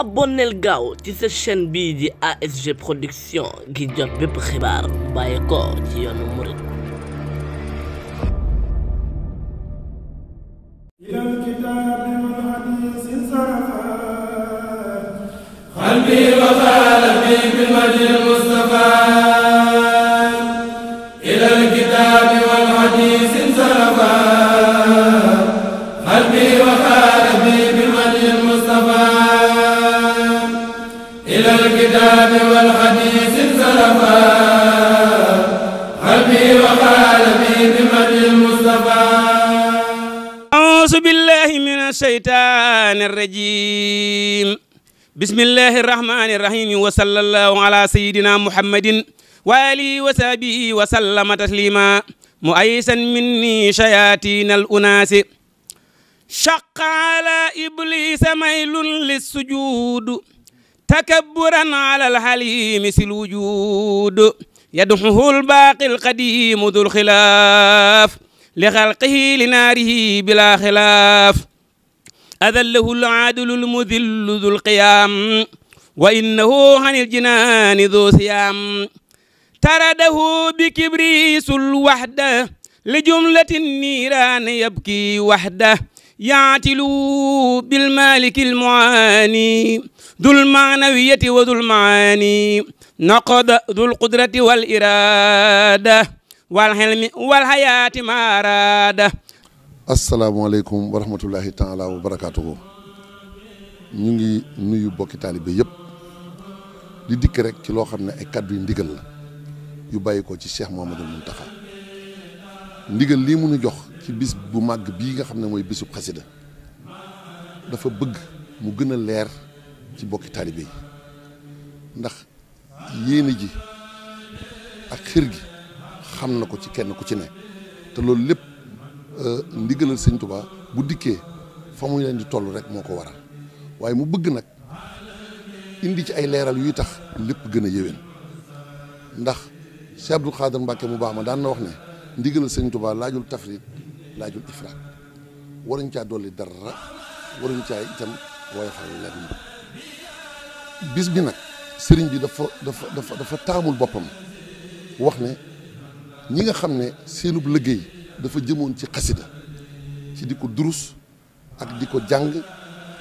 abonneel gaaw ci sa chaîne bii di ASG production gi jot bépp xibaar bàyyi ko ci yoonu murit أعوذ بالله من الشيطان الرجيم بسم الله الرحمن الرحيم وصلى الله على سيدنا محمد وآله وصحبه وسلم تسليما مؤيسا مني شياطين الأناس شق على إبليس ميل للسجود تكبرا على الحليم سلوجود يدحه الباقي القديم ذو الخلاف لخلقه لناره بلا خلاف أذله العادل المذل ذو القيام وإنه عن الجنان ذو صيام ترده بكبريس الوحدة لجملة النيران يبكي وحده يعتل بالمالك المعاني ذو المعنوية وذو المعاني نقض ذو القدرة والإرادة wal xelmi wal xayaati maaraada asalaamaaleykum wa rahmatullahi taala ñu ngi nuyu bokki taalibe yépp di dikk rek ci loo xam ne ay kàddu yu ndigal la yu bàyyi ko ci Cheikh Mouhamadoul Mountakha ndigal lii mu jox ci bis bu màgg bii nga xam ne mooy bisub xasida dafa bëgg mu gën a leer ci bokki taalibe yi ndax yéene ji ak xir gi xam na ko ci kenn ku ci ne te loolu lépp euh, ndigalal sëñ Tuubaa bu dikkee fa mu leen di tollu rek moo ko waral waaye mu bëgg nag indi ci ay leeral yuy tax lépp gën a yéwén ndax Cheikh Abdou Khadir mu baax ma daan na wax ne ndigalal sëñ Tuubaa laajul tafrit laajul ifraat waruñ caa dolli dara waruñ caa itam woyofal lenn bis bi nag sëriñ bi dafa dafa dafa dafa taamul boppam wax ne. ñi nga xam ne seenub liggéey dafa jëmoon ci xasida ci di ko durus ak di ko jàng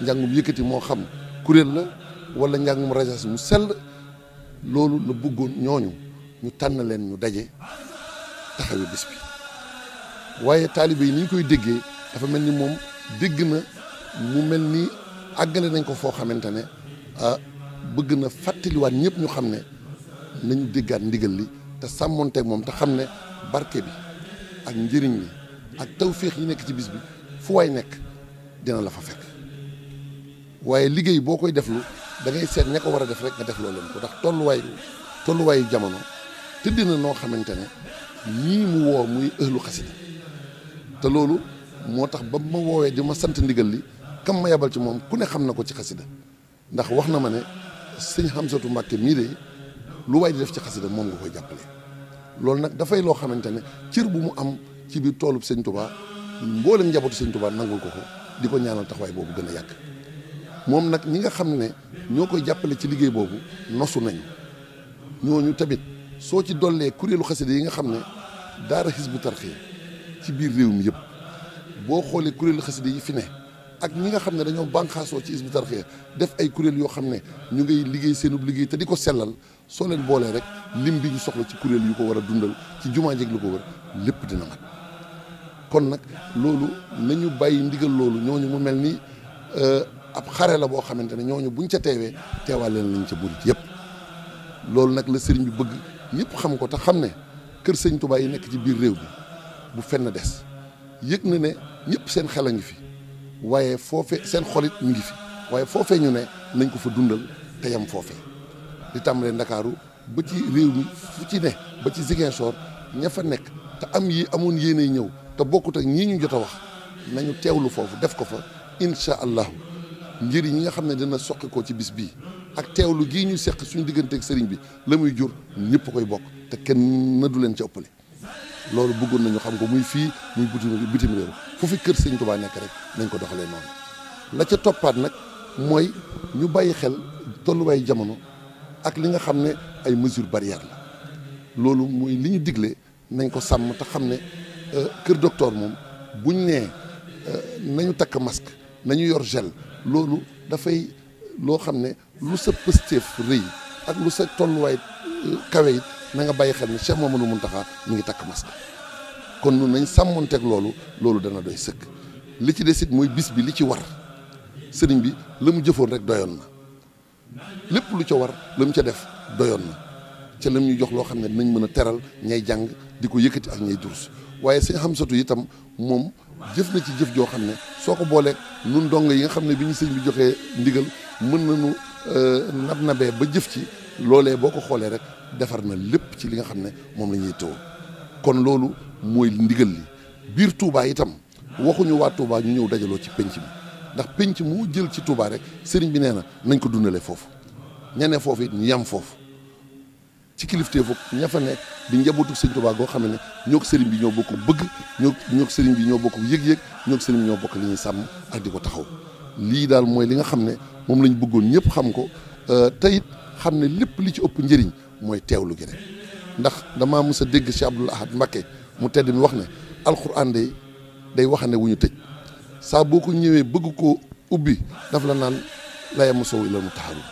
njàngum yëkkati moo xam kuréel la wala njàngum rajas mu sell loolu la bëggoon ñooñu ñu tànn leen ñu daje taxawe bis bi waaye taalibe yi ni koy déggee dafa mel ni moom dégg na mu mel ni àggale nañ ko foo xamante ne ah bëgg na fàttaliwaat ñëpp ñu xam ne nañu déggaat ndigal li te sàmmonteeg moom te xam ne barke bi ak njëriñ li ak tawféex yi nekk ci bis bi fu waay nekk dina la fa fekk waaye liggéey boo koy deflu dangay ngay seet ña ko war a def rek nga def loo leen ko ndax tolluwaay tolluwaayu jamono tëdd na noo xamante ne ñii mu woo muy ëhlu xasida te loolu moo tax ba mu ma woowee di ma sant ndigal li kam ma yabal ci moom ku ne xam na ko ci xasida ndax wax na ma ne sëñ Xamsatu Mbàkke mii de lu waay di def ci xasida moom nga koy jàppale loolu nag dafay loo xamante ne cir bu mu am ci biir toolub sëñ Tuubaa mboolem njabootu sëñ Tuubaa nangul ko ko di ko ñaanal taxawaay boobu gën a yàgg moom nag ñi nga xam ne ñoo koy jàppale ci liggéey boobu nosu nañ ñooñu tamit soo ci dollee kuréelu xasida yi nga xam ne daara Hizbut Tarqiyyah ci biir réew mi yëpp boo xoolee kuréelu xasida yi fi ne ak ñi nga xam ne dañoo bànqaasoo ci Hizbut Tarqiyyah def ay kuréel yoo xam ne ñu ngay liggéey seenub liggéey te di ko sellal soo leen boolee rek lim bi ñu soxla ci kuréel yu ko war a dundal ci jumaa jeeg lu ko wër lépp dina mat kon nag loolu nañu bàyyi ndigal loolu ñooñu mu mel ni euh, ab xare la boo xamante ne ñooñu buñ ca teewee teewaa leen lañ ca murit yëpp loolu nag la sëriñ bi bëgg ñëpp xam ko te xam ne kër sëñ Tuubaa yi nekk ci biir réew bi bu fenn des yëg ne ñëpp seen xel a waaye foofe seen xolit mu ngi fi waaye foofee ñu ne nañ ko fa dundal te yam foofee di tàmbalee ndakaaru ba ci réew mi fu ci ne ba ci Ziguinchor ña fa nekk te am yi amoon yéenay ñëw te bokkut ak ñii ñu jot a wax nañu teewlu foofu def ko fa incha allahu njëriñ ñi nga xam ne dina soqi ko ci bis bii ak teewlu gii ñu seq suñu digganteeg sëriñ bi la muy jur ñëpp koy bokk te kenn na du leen ci ëppale loolu bëggoon nañu xam ko muy fii muy bitim bitim réew fu fi kër sëñ baa nekk rek nañ ko doxalee noonu la ca toppaat nag mooy ñu bàyyi xel tolluwaay jamono ak li nga xam ne ay mesures barrières la loolu mooy li ñu digle nañ ko sàmm te xam ne euh, kër docteur moom buñ nee euh, nañu takk masque nañu yor gel loolu dafay loo xam ne lu sa pëstéef rëy ak lu sa tolluwaay euh, kawe yi na nga bàyyi xel ne Cheikh Mamadou Mountakha mu ngi takk masque kon nun nañ sàmmonteeg loolu loolu dana doy sëkk li ci des mooy bis bi li ci war sëriñ bi la mu jëfoon rek doyoon na lépp lu ca war la mu ca def doyoon na ca lam ñu jox loo xam ne dinañ mën a teral ñay jàng di ko yëkkati ak ñay durus waaye xam Xamsatu itam moom jëf na ci jëf joo xam ne soo ko booleek nun dong yi nga xam ne bi ñu sëñ bi joxee ndigal mën na nañu euh, nab nabee ba jëf ci loolee boo ko xoolee rek defar na lépp ci li nga xam ne moom la ñuy tëw mooy ndigal li biir Touba itam waxuñu waa Touba ñu ñëw dajaloo ci penc mi ndax penc mu jël ci Touba rek sëriñ bi nee na nañ ko dundalee foofu ñene foofu it ñu yam foofu ci kilifteefu ña fa nekk di njabootu sëriñ Touba goo xam ne ñoo ko sëriñ bi ñoo bokk bëgg ñoo ñoo sëriñ bi ñoo bokk yéeg yëg ñoo sëriñ bi ñoo bokk li ñuy sàmm ak di ko taxaw lii daal mooy li nga xam ne moom lañu bëggoon ñëpp xam ko euh, te xam ne lépp li ci ëpp njëriñ mooy teewlu gi rek ndax damaa mës a dégg Cheikh Abdoul Ahad Mbacké mu tedd mi wax ne alxuraan day day waxande wu ñu tëj saa boo ko ñëwee bëgg ko ubbi daf la naan la yamassahu illal mutahharuun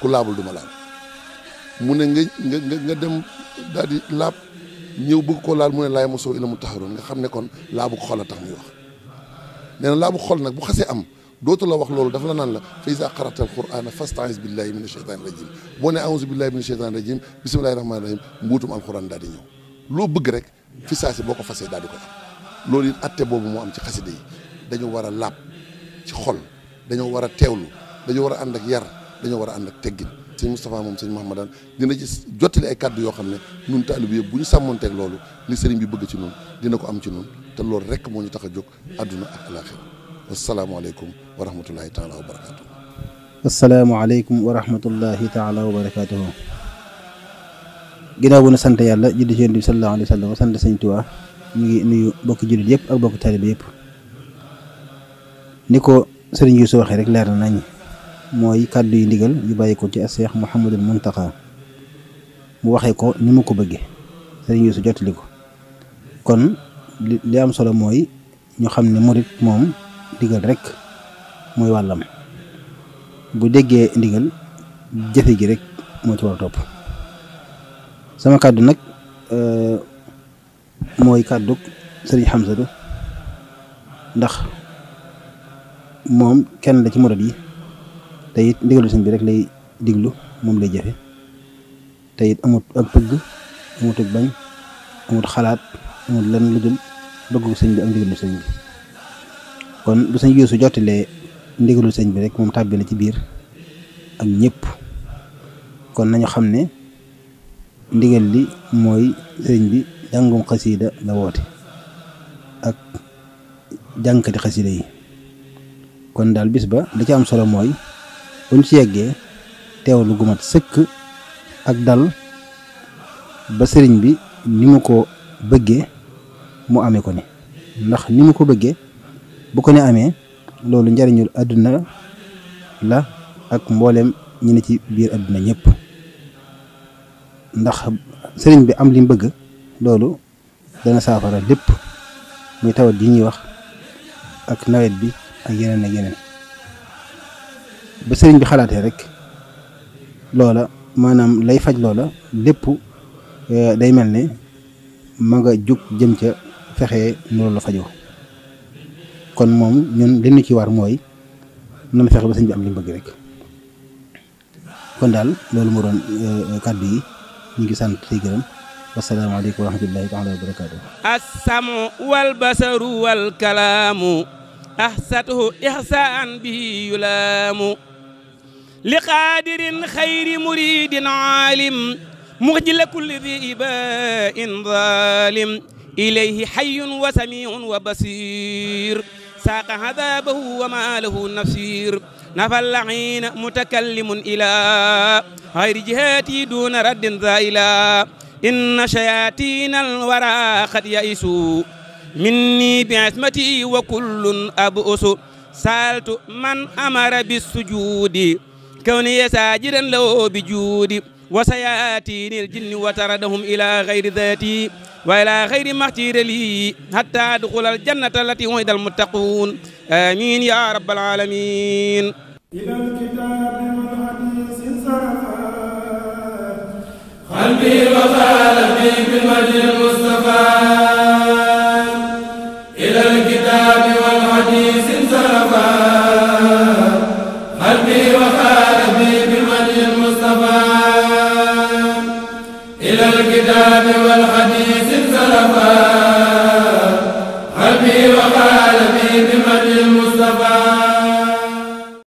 ku laabul du ma laal mu ne nga nga nga dem daal lab laab ñëw bëgg ko laal mu ne la yamassahu illal mutahharuun nga xam ne kon laabu xol a tax muy wax nee na laabu xol nag bu xasee am dootu la wax loolu dafa la naan la fa iza qara'ta alqur'ana fasta'is billahi min ashaytani rajim boo ne a'udhu billahi min ashaytani rajim bismillahi rahmani rahim mbuutum alquran daal di ñëw loo bëgg rek fi saa si boo ko fasee daal ko am loolu it atte boobu moo am ci xasida yi dañoo war a laab ci xol dañoo war a teewlu dañoo war a ànd ak yar dañoo war a ànd ak teggin sëñ Moustapha moom sëñ Mahamadan dina ci jottali ay kàddu yoo xam ne ñun taalibe yëpp bu ñu sàmmonteeg loolu li sëriñ bi bëgg ci noonu dina ko am ci noonu te loolu rek moo ñu tax a jóg àdduna ak alaaxira wasalaamaaleykum wa rahmatullahi taala wa barakaatu. asalaamaaleykum wa rahmatullahi taala wa barakaatu. ginaaw bu na sant yàlla julli ci yonent bi sallallahu alayhi wa sallam sant sëñ Tuubaa ñu ngi nuyu bokki jullit yëpp ak bokki taalibe yëpp ni ko sëriñ Yuusu waxee rek leer na nañ mooy kàddu yu ndigal yu bàyyi ko ci Seex Muhammadul Muntaxa mu waxee ko ni mu ko bëggee sëriñ Yuusu jottali ko kon li am solo mooy ñu xam ne murit moom ndigal rek mooy wàllam bu déggee ndigal jëfe gi rek moo ci war a topp sama kàddu nag euh, mooy kàddug sëriñ Hamsatu ndax moom kenn la ci murid yi te it ndigalu bi rek lay diglu moom lay jëfe te it amut ak bëgg amut ak bañ amut xalaat amut lan lu dul bëggu sëñ bi ak ndigalu sëñ bi kon bu sëñ Yuusu jottilee ndigalu sëñ bi rek moom tàbbi na ci biir ak ñépp kon nañu xam ne ndigal li mooy sëriñ bi jàngum xasiida la woote ak jànkati xasiida yi kon daal bis ba da ci am solo mooy buñ ci yeggee teewlu gu mat sëkk ak dal ba sëriñ bi ni mu ko bëggee mu amee ko ne ndax ni mu ko bëggee bu ko ne amee loolu njariñul àdduna la ak mboolem ñi ne ci biir àdduna ñëpp ndax sëriñ bi am li mu bëgg loolu dana saafara lépp muy tawat yi ñuy wax ak nawet bi ak yeneen ak yeneen ba sëriñ bi xalaatee rek loola maanaam lay faj loola lépp eh, day mel ne ma nga jug jëm ca fexe loolu la fajoo kon moom ñun li ñu ci war mooy nan fexe ba sëriñ bi am li mu bëgg rek kon daal loolu mu doon eh, eh, kàddu yi والسلام عليكم ورحمه الله تعالى وبركاته السمع والبصر والكلام احسته احسان به يلام لقادر خير مريد عالم مخرج كل ذي اباء ظالم اليه حي وسميع وبصير ساق عذابه وماله النفسير نفى اللعين متكلم إلى غير جهاتي دون رد ذائلا إن شياطين الورى قد يئسوا مني بعثمتي وكل أبؤس سألت من أمر بالسجود كوني ساجدا له بجودي وسيأتيني الجن وتردهم إلى غير ذاتي وإلى غير مختير لي حتى أدخل الجنة التي وعد المتقون آمين يا رب العالمين إلى الكتاب والحديث صرفا قلبي في بالوجه المصطفى الكتاب والحديث حبي وقال بي بمن المصطفى